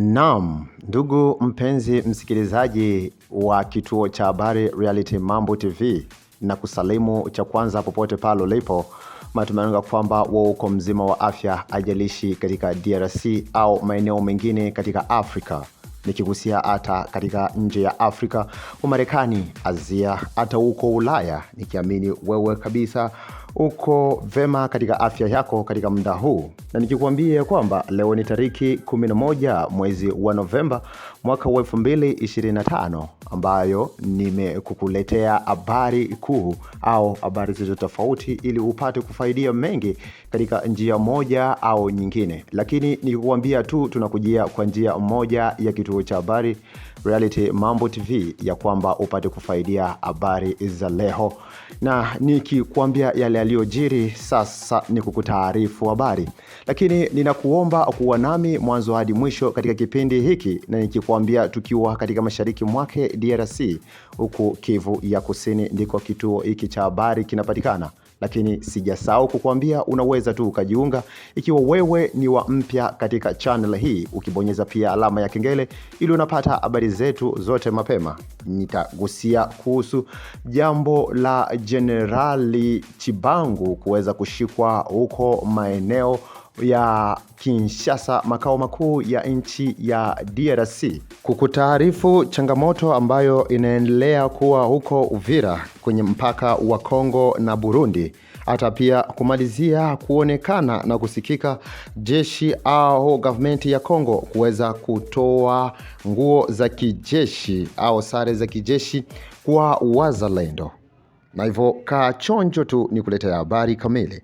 Naam, ndugu mpenzi msikilizaji wa kituo cha habari Reality Mambo TV na kusalimu cha kwanza popote pale ulipo, matumaini kwamba wewe uko mzima wa afya, ajalishi katika DRC au maeneo mengine katika Afrika nikigusia hata katika nje ya Afrika, Umarekani, Asia, hata huko Ulaya, nikiamini wewe kabisa uko vema katika afya yako katika muda huu, na ya kwamba leo ni tariki 11 mwezi wa Novemba mwaka wa 2025 ambayo nimekukuletea habari kuu au habari zilizo tofauti, ili upate kufaidia mengi katika njia moja au nyingine, lakini nikukuambia tu tunakujia kwa njia moja ya kituo cha habari Reality Mambo TV ya kwamba upate kufaidia habari za leo, na nikikuambia yale yaliyojiri sasa, ni kukutaarifu habari, lakini ninakuomba kuwa nami mwanzo hadi mwisho katika kipindi hiki, na nikikuambia tukiwa katika mashariki mwake DRC, huku Kivu ya Kusini ndiko kituo hiki cha habari kinapatikana lakini sijasahau kukuambia unaweza tu ukajiunga ikiwa wewe ni wa mpya katika channel hii, ukibonyeza pia alama ya kengele ili unapata habari zetu zote mapema. Nitagusia kuhusu jambo la Jenerali Chibangu kuweza kushikwa huko maeneo ya Kinshasa, makao makuu ya nchi ya DRC, kukutaarifu changamoto ambayo inaendelea kuwa huko Uvira kwenye mpaka wa Kongo na Burundi, hata pia kumalizia kuonekana na kusikika jeshi au government ya Kongo kuweza kutoa nguo za kijeshi au sare za kijeshi kwa wazalendo. Na hivyo kaa chonjo tu ni kuletea habari kamili.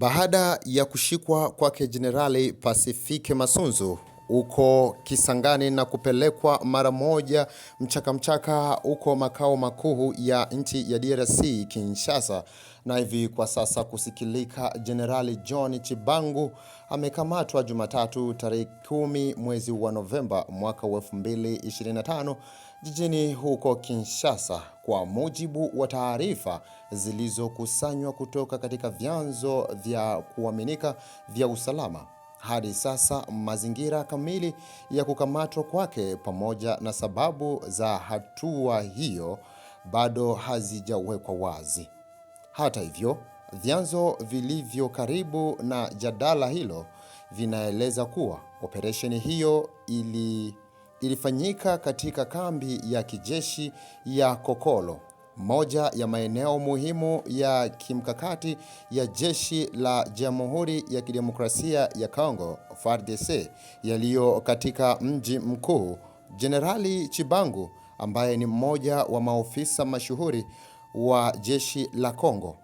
Baada ya kushikwa kwake Jenerali Pacifique Masunzu uko Kisangani na kupelekwa mara moja mchakamchaka uko makao makuu ya nchi ya DRC Kinshasa, na hivi kwa sasa kusikilika, Jenerali John Chibangu amekamatwa Jumatatu tarehe kumi mwezi wa Novemba mwaka 2025 jijini huko Kinshasa, kwa mujibu wa taarifa zilizokusanywa kutoka katika vyanzo vya kuaminika vya usalama hadi sasa mazingira kamili ya kukamatwa kwake pamoja na sababu za hatua hiyo bado hazijawekwa wazi. Hata hivyo, vyanzo vilivyo karibu na jadala hilo vinaeleza kuwa operesheni hiyo ili, ilifanyika katika kambi ya kijeshi ya Kokolo moja ya maeneo muhimu ya kimkakati ya jeshi la Jamhuri ya Kidemokrasia ya Kongo FARDC yaliyo katika mji mkuu. Jenerali Chibangu ambaye ni mmoja wa maofisa mashuhuri wa jeshi la Kongo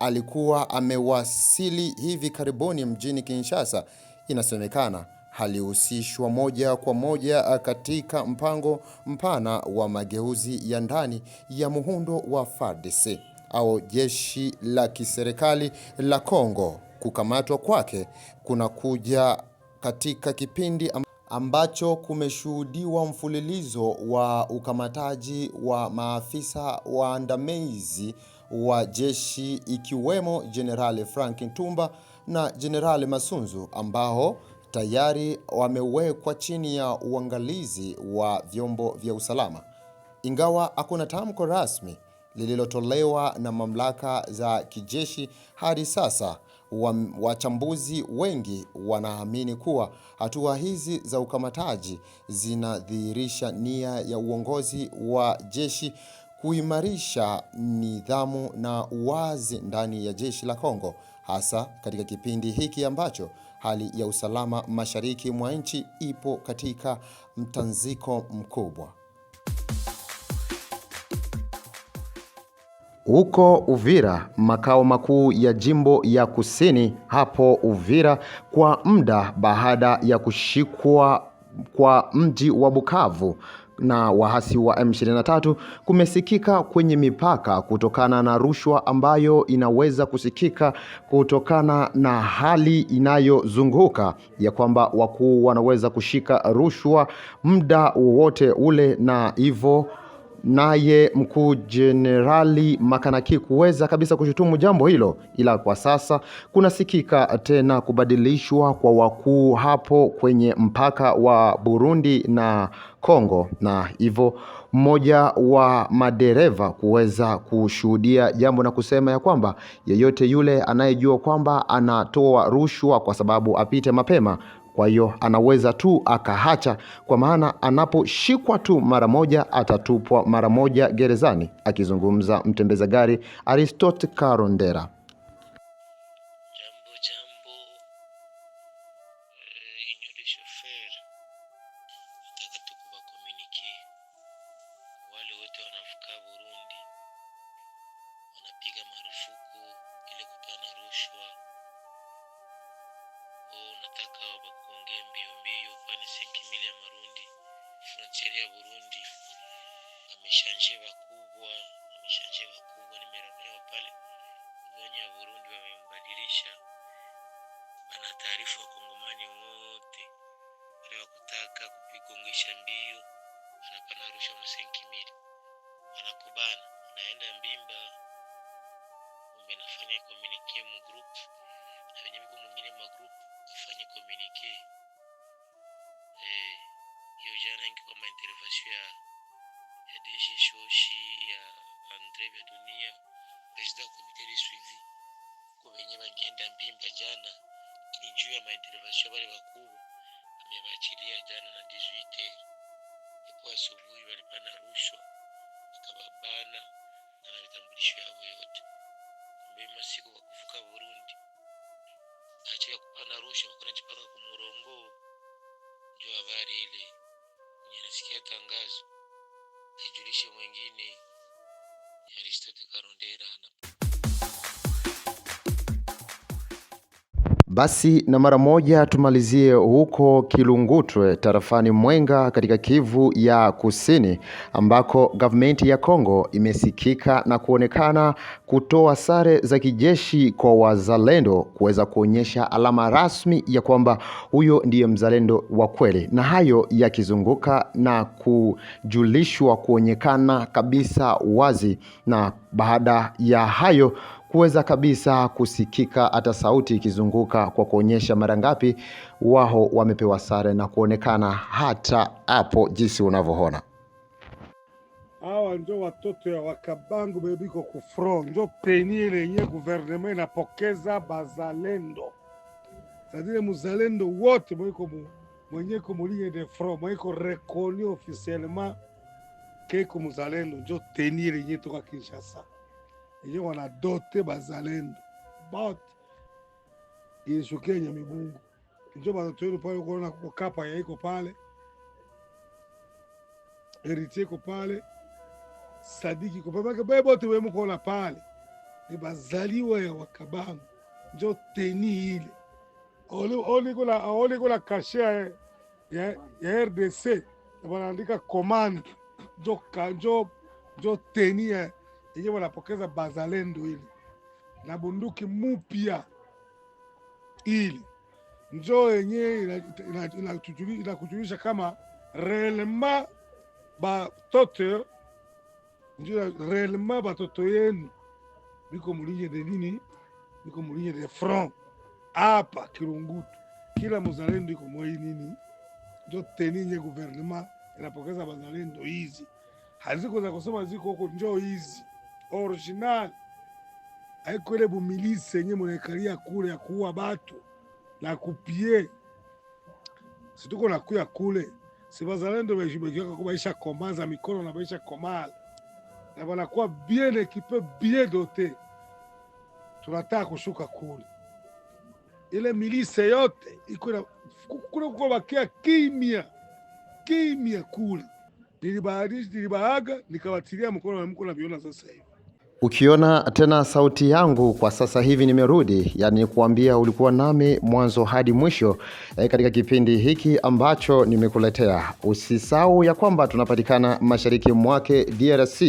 alikuwa amewasili hivi karibuni mjini Kinshasa, inasemekana halihusishwa moja kwa moja katika mpango mpana wa mageuzi ya ndani ya muundo wa FARDC au jeshi la kiserikali la Kongo. Kukamatwa kwake kunakuja katika kipindi ambacho kumeshuhudiwa mfululizo wa ukamataji wa maafisa waandamizi wa jeshi ikiwemo Jenerali Frank Ntumba na Jenerali Masunzu ambao tayari wamewekwa chini ya uangalizi wa vyombo vya usalama, ingawa hakuna tamko rasmi lililotolewa na mamlaka za kijeshi hadi sasa. Wachambuzi wengi wanaamini kuwa hatua hizi za ukamataji zinadhihirisha nia ya uongozi wa jeshi kuimarisha nidhamu na uwazi ndani ya jeshi la Kongo, hasa katika kipindi hiki ambacho hali ya usalama mashariki mwa nchi ipo katika mtanziko mkubwa. Huko Uvira, makao makuu ya jimbo ya kusini hapo Uvira, kwa muda baada ya kushikwa kwa mji wa Bukavu na waasi wa M23 kumesikika kwenye mipaka kutokana na rushwa ambayo inaweza kusikika kutokana na hali inayozunguka ya kwamba wakuu wanaweza kushika rushwa muda wowote ule na hivyo naye mkuu jenerali Makanaki kuweza kabisa kushutumu jambo hilo, ila kwa sasa kunasikika tena kubadilishwa kwa wakuu hapo kwenye mpaka wa Burundi na Kongo, na hivyo mmoja wa madereva kuweza kushuhudia jambo na kusema ya kwamba yeyote yule anayejua kwamba anatoa rushwa kwa sababu apite mapema kwa hiyo anaweza tu akahacha, kwa maana anaposhikwa tu mara moja atatupwa mara moja gerezani. Akizungumza mtembeza gari Aristote Karondera. familia Marundi frontiere ya Burundi, ameshanje wakubwa, ameshanje wakubwa, nimeronewa pale ugonjwa ya Burundi wamembadilisha, ana taarifa wakongomani wote wale wakutaka kupigongesha mbio, anapana rusha msenkimili, anakubana anaenda mbimba umbe nafanya komunike mu group na wenye mwingine ma group afanye komunike eu eh, já jana que como intervention ya, a DG Shoshi ya Andre vya dunia president wa komite de suivi kuko benye bagienda mpimba jana ni juu ya maintervention a minha amebachilia jana na 18 ipo asubuhi walipana rushwa akababana na vitambulisho yao yote kumbe masiku wakuvuka Burundi acha kupana rushwa wakonajipanga ku murongo juu habari ile, mwenye nasikia tangazo aijulishe mwingine. Aristote Karondera na Basi na mara moja tumalizie huko Kilungutwe tarafani Mwenga katika Kivu ya Kusini, ambako gavumenti ya Kongo imesikika na kuonekana kutoa sare za kijeshi kwa wazalendo kuweza kuonyesha alama rasmi ya kwamba huyo ndiye mzalendo wa kweli, na hayo yakizunguka na kujulishwa kuonekana kabisa wazi, na baada ya hayo kuweza kabisa kusikika hata sauti ikizunguka kwa kuonyesha mara ngapi wao wamepewa sare na kuonekana hata hapo jinsi unavyoona. Hawa ndio watoto ya wakabangu bebiko kufro ndio penie lenye guvernema inapokeza bazalendo sadile muzalendo wote mwiko mwenyeko mulie de fro mwiko rekoni officiellement keko muzalendo njo tenie lenye toka Kinshasa yenyewe wanadote bazalendo but ilishukia Nyamigungu, njo batoto yenu pale, kuona kuko kapa yaiko pale, Erite iko pale, Sadiki iko pale, bae bote wemu kuona pale ni bazaliwa ya Wakabango, njo teni ile olikola kashe ya RDC banaandika komanda njo teni ya yenyewe wanapokeza bazalendo hili na bunduki mupya ili njoo yenyewe inakujulisha kama relema batoto njoo relema batoto yenu biko mulinye de nini, biko mulinye de front hapa Kirungutu, kila muzalendo iko mwai nini, njo teninye guvernema inapokeza bazalendo hizi haziko za kusema ziko huko, njoo hizi original haiko ile bumilisi yenye munaikalia kule ya kuua batu na kupie situko na kuya kule si bazalendo bejibekiaka ko baisha komaza mikono na baisha komala na banakuwa bien ekipe bien dote. Tunataka kushuka kule, ile milise yote iko kule, bakia kimya kimya kule. Nilibaaga nikawatilia mkono na mkono na viona sasa hivi Ukiona tena sauti yangu kwa sasa hivi nimerudi, yani kuambia ulikuwa nami mwanzo hadi mwisho e, katika kipindi hiki ambacho nimekuletea. Usisahau ya kwamba tunapatikana mashariki mwake DRC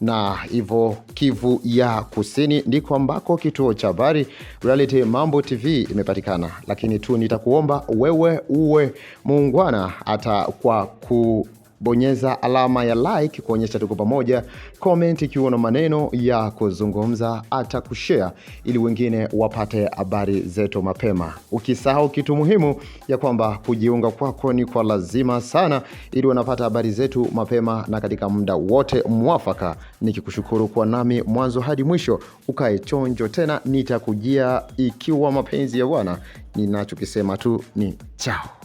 na hivyo Kivu ya Kusini ndiko ambako kituo cha habari Reality Mambo TV imepatikana, lakini tu nitakuomba wewe uwe muungwana hata kwa ku bonyeza alama ya like kuonyesha tuko pamoja, comment ikiwa na maneno ya kuzungumza, hata kushare ili wengine wapate habari zetu mapema, ukisahau kitu muhimu ya kwamba kujiunga kwako ni kwa lazima sana, ili wanapata habari zetu mapema na katika muda wote mwafaka. Nikikushukuru kwa nami mwanzo hadi mwisho, ukae chonjo tena, nitakujia ikiwa mapenzi ya Bwana. Ninachokisema tu ni chao.